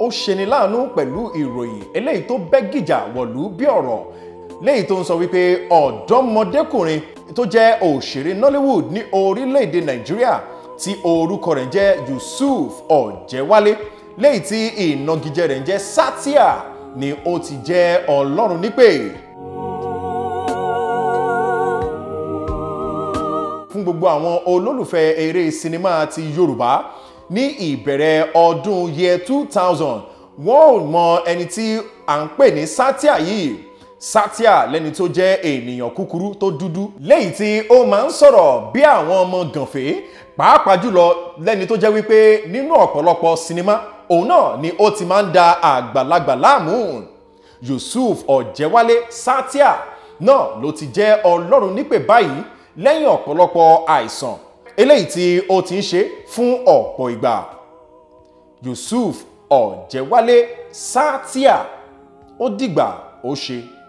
ó ṣeni láàánú pẹ̀lú ìròyìn eléyìí tó bẹ́ gìjà wọ̀lú bí ọ̀rọ̀ léyìí tó ń sọ wípé ọ̀dọ́mọdékùnrin tó jẹ́ òṣèré Nollywood ní orílẹ̀-èdè Nàìjíríà tí orúkọ rẹ̀ jẹ́ Yusuf Ọ̀jẹ̀wálé léyìí tí ìnagijẹ rẹ̀ ń jẹ́ Satia ni ó ti jẹ́ Ọlọ́run nípè. fún gbogbo àwọn olólùfẹ́ eré sinimá ti Yorùbá ní ìbẹ̀rẹ̀ ọdún year two thousand wọ́n ò mọ ẹni tí à ń pè ní Satia yìí Satia lẹ́ni tó jẹ́ ènìyàn kúkúrú tó dúdú léyìí tí ó máa ń sọ̀rọ̀ bí àwọn ọmọ gànfẹ́ pàápàá jùlọ lẹ́ni tó jẹ́ wípé nínú ọ̀pọ̀lọpọ̀ sinimá òun náà ni ó ti máa ń da àgbàlagbà láàmú Yusuf Ọ̀jẹ̀wálé satya náà ló ti jẹ́ Ọlọ́run nípè báyìí lẹ́yìn ọ̀pọ̀lọpọ̀ àìsàn eléyìí tí ó ti ń ṣe fún ọ̀pọ̀ ìgbà Yusuf Ọ̀jẹ̀wálé Sátíà ó dìgbà ó ṣe.